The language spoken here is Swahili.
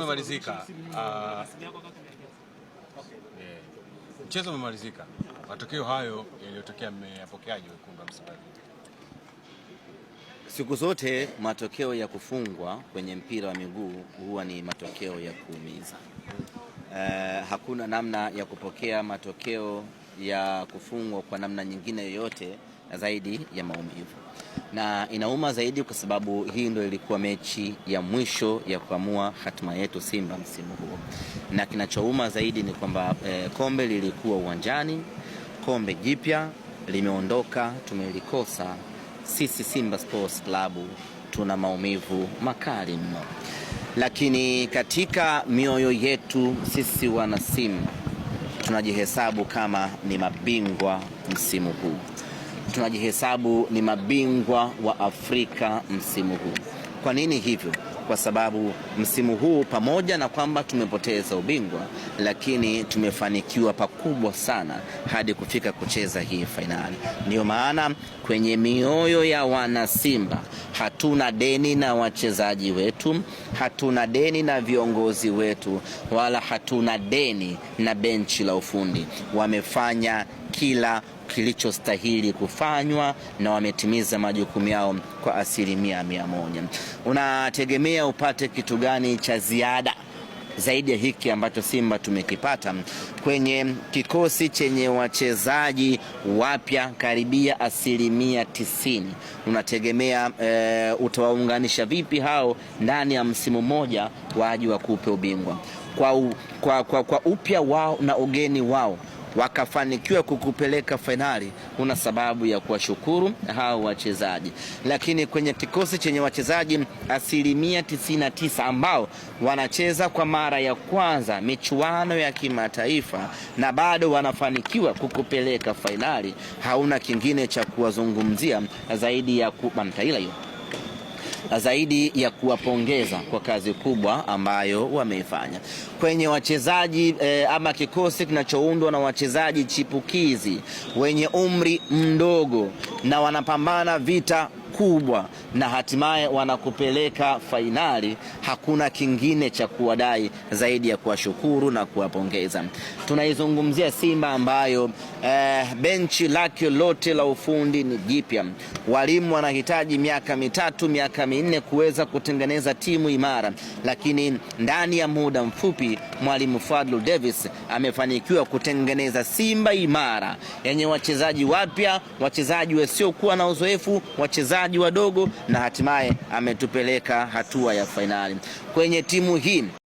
umemalizika, ah. eh, mchezo umemalizika. Matokeo hayo yaliyotokea, mmeyapokeaje wekundu wa Msimbazi? Siku zote matokeo ya kufungwa kwenye mpira wa miguu huwa ni matokeo ya kuumiza. Uh, hakuna namna ya kupokea matokeo ya kufungwa kwa namna nyingine yoyote zaidi ya maumivu, na inauma zaidi kwa sababu hii ndio ilikuwa mechi ya mwisho ya kuamua hatima yetu Simba msimu huo, na kinachouma zaidi ni kwamba e, kombe lilikuwa uwanjani, kombe jipya limeondoka, tumelikosa sisi. Simba Sports Club tuna maumivu makali mno, lakini katika mioyo yetu sisi wana Simba tunajihesabu kama ni mabingwa msimu huu tunajihesabu ni mabingwa wa Afrika msimu huu. Kwa nini hivyo? Kwa sababu msimu huu pamoja na kwamba tumepoteza ubingwa, lakini tumefanikiwa pakubwa sana hadi kufika kucheza hii fainali. Ndiyo maana kwenye mioyo ya wanasimba hatuna deni na wachezaji wetu, hatuna deni na viongozi wetu, wala hatuna deni na benchi la ufundi. Wamefanya kila kilichostahili kufanywa na wametimiza majukumu yao kwa asilimia mia moja. Unategemea upate kitu gani cha ziada zaidi ya hiki ambacho Simba tumekipata kwenye kikosi chenye wachezaji wapya karibia asilimia tisini. Unategemea e, utawaunganisha vipi hao ndani ya msimu mmoja waje wakupe ubingwa kwa, kwa, kwa, kwa upya wao na ugeni wao wakafanikiwa kukupeleka fainali, una sababu ya kuwashukuru hao wachezaji. Lakini kwenye kikosi chenye wachezaji asilimia 99 ambao wanacheza kwa mara ya kwanza michuano ya kimataifa na bado wanafanikiwa kukupeleka fainali, hauna kingine cha kuwazungumzia zaidi ya kubantaila hiyo zaidi ya kuwapongeza kwa kazi kubwa ambayo wameifanya kwenye wachezaji e, ama kikosi kinachoundwa na wachezaji chipukizi wenye umri mdogo na wanapambana vita kubwa na hatimaye wanakupeleka fainali, hakuna kingine cha kuwadai zaidi ya kuwashukuru na kuwapongeza. Tunaizungumzia Simba ambayo eh, benchi lake lote la ufundi ni jipya. Walimu wanahitaji miaka mitatu, miaka minne kuweza kutengeneza timu imara, lakini ndani ya muda mfupi mwalimu Fadlu Davis amefanikiwa kutengeneza Simba imara yenye wachezaji wapya, wachezaji wasiokuwa na uzoefu, wachezaji wachezaji wadogo na hatimaye ametupeleka hatua ya fainali kwenye timu hii.